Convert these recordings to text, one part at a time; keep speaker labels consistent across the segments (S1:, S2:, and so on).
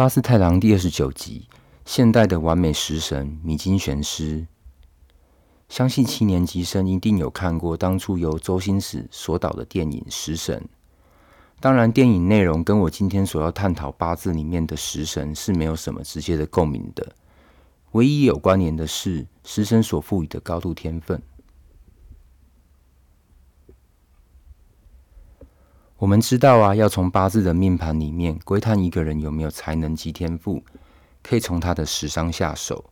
S1: 八字太郎第二十九集：現代的完美食神米津玄師，相信七年級生一定有看過當初由周星馳所導的電影《食神》。當然，電影內容跟我今天所要探討八字裡面的食神是沒有什麼直接的共鳴的，唯一有關聯的是食神所賦予的高度天分。我們知道啊，要從八字的命盤裡面窺探一個人有沒有才能及天賦，可以從他的食傷下手。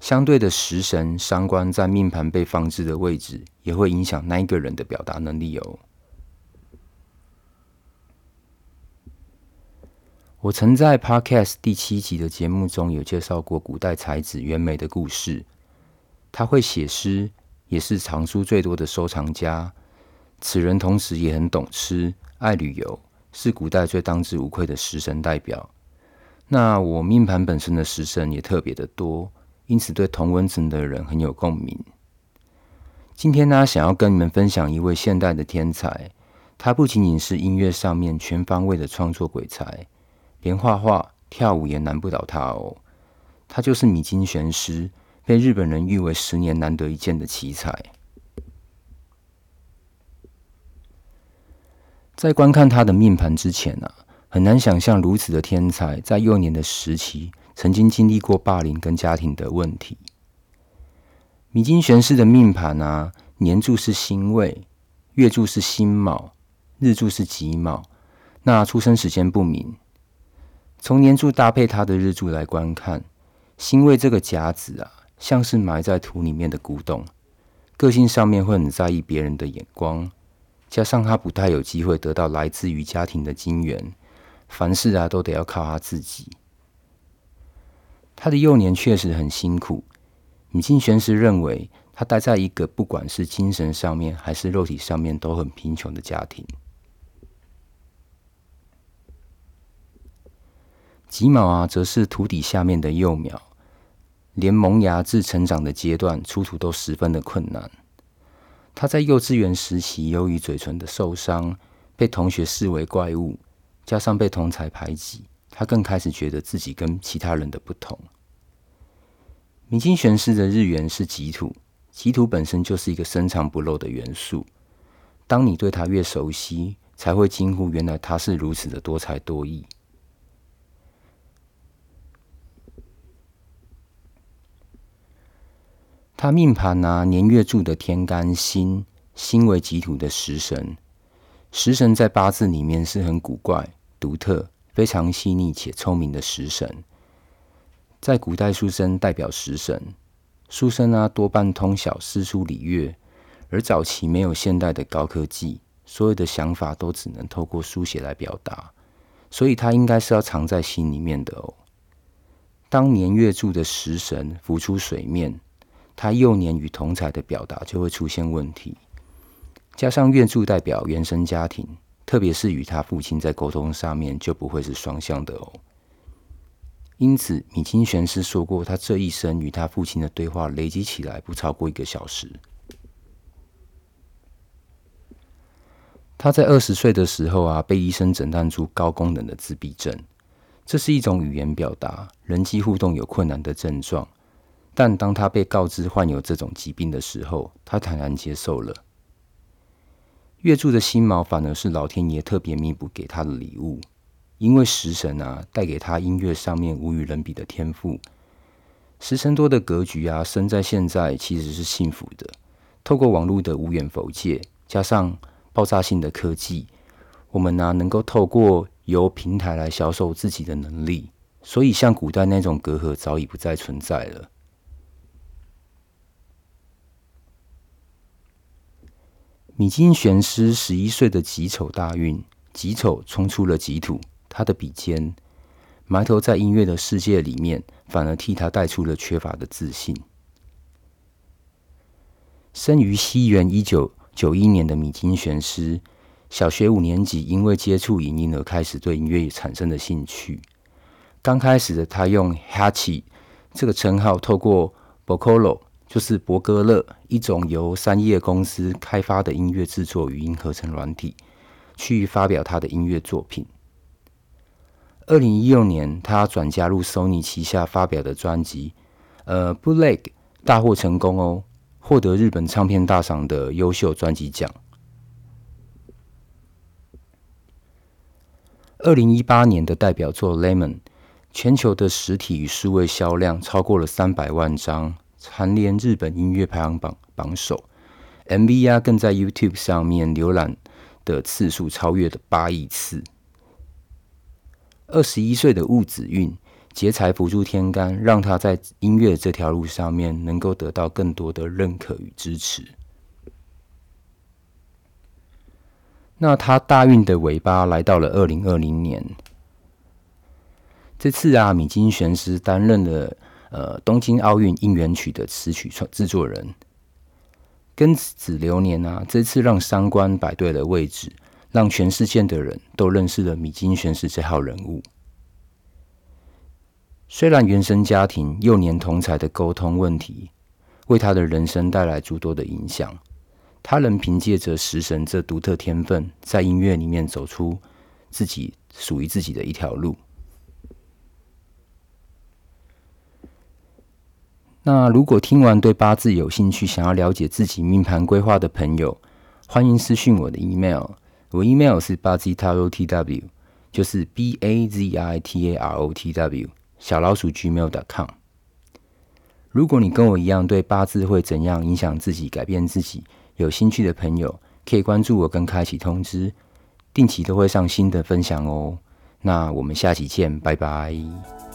S1: 相對的食神、傷官在命盤被放置的位置，也會影響那一個人的表達能力哦。我曾在 Podcast 第七集的節目中有介紹過古代才子袁枚的故事。他會寫詩，也是藏書最多的收藏家。此人同時也很懂詩。愛旅遊是古代最當之無愧的食神代表。那我命盤本身的食神也特別的多，因此對同溫層的人很有共鳴。今天呢、啊，想要跟你們分享一位現代的天才，他不僅僅是音樂上面全方位的創作鬼才，連畫畫、跳舞也難不倒他哦。他就是米津玄師，被日本人譽為十年難得一見的奇才。在觀看他的命盤之前啊，很難想象如此的天才在幼年的時期曾經經歷過霸凌跟家庭的問題。米津玄師的命盤啊，年柱是辛未，月柱是辛卯，日柱是己卯，那出生時間不明。從年柱搭配他的日柱來觀看，辛未這個甲子啊，像是埋在土裡面的古董，個性上面會很在意別人的眼光。加上他不太有機會得到來自於家庭的金援，凡事啊都得要靠他自己。他的幼年確實很辛苦，米津玄師認為他待在一個不管是精神上面還是肉體上面都很貧窮的家庭。吉毛啊，則是土地下面的幼苗，連萌芽至成長的階段出土都十分的困難。他在幼稚園時期，由於嘴唇的受傷，被同學視為怪物，加上被同儕排擠，他更開始覺得自己跟其他人的不同。米津玄師的日元是己土，己土本身就是一個深藏不露的元素，當你對他越熟悉，才會驚呼原來他是如此的多才多藝。他命盤啊，年月柱的天干辛，辛為己土的食神，食神在八字裡面是很古怪、獨特、非常細膩且聰明的食神。在古代，書生代表食神，書生啊多半通曉詩書禮樂，而早期沒有現代的高科技，所有的想法都只能透過書寫來表達，所以他應該是要藏在心裡面的哦。當年月柱的食神浮出水面，他幼年與同儕的表達就會出現問題，加上月柱代表原生家庭，特別是與他父親在溝通上面就不會是雙向的哦。因此，米津玄師說過，他這一生與他父親的對話累積起來不超過一個小時。他在二十歲的時候啊，被醫生診斷出高功能的自閉症，這是一種語言表達、人際互動有困難的症狀。但當他被告知患有這種疾病的時候，他坦然接受了。月柱的辛卯反而是老天爺特別彌補給他的禮物，因為食神啊帶給他音樂上面無與倫比的天賦。食神多的格局啊，生在現在其實是幸福的。透過網絡的無遠弗屆，加上爆炸性的科技，我們呢、啊、能夠透過由平台來銷售自己的能力，所以像古代那種隔閡早已不再存在了。米津玄師十一歲的己丑大運，己丑沖出了己土，他的筆尖埋頭在音樂的世界裡面，反而替他帶出了缺乏的自信。生於西元一九九一年的米津玄師，小學五年級因為接觸影音而開始對音樂產生了興趣。剛開始的他用 Hachi 這個稱號，透過 Bocolo 就是伯格勒，一種由三葉公司開發的音樂製作語音合成軟體，去發表他的音樂作品。二零一六年，他轉加入 Sony 旗下發表的專輯，呃，Bootleg 大獲成功哦，獲得日本唱片大賞的優秀專輯獎。二零一八年的代表作 Lemon，全球的實體與數位銷量超過了三百萬張。蟬聯日本音樂排行榜榜首 MV 更在 YouTube 上面瀏覽的次數超越了八億次。二十一歲的戊子運劫財輔助天干，讓他在音樂這條路上面能夠得到更多的認可與支持。那他大運的尾巴來到了二零二零年，這次阿、啊、米津玄師擔任了。呃，東京奧運應援曲的詞曲創製作人。庚子流年啊，這次讓三觀擺對了位置，讓全世界的人都認識了米津玄師這號人物。雖然原生家庭、幼年同儕的溝通問題，為他的人生帶來諸多的影響，他仍憑借着食神這獨特天分，在音樂裡面走出自己屬於自己的一條路。那如果聽完對八字有興趣，想要了解自己命盤規劃的朋友，歡迎私訊我的 email，我 email 是 bazitarotw，就是 b a z i t a r o t w，小老鼠 gmail.com。如果你跟我一樣對八字會怎樣影響自己、改變自己有興趣的朋友，可以關注我跟開啟通知，定期都會上新的分享哦。那我們下期見，拜拜。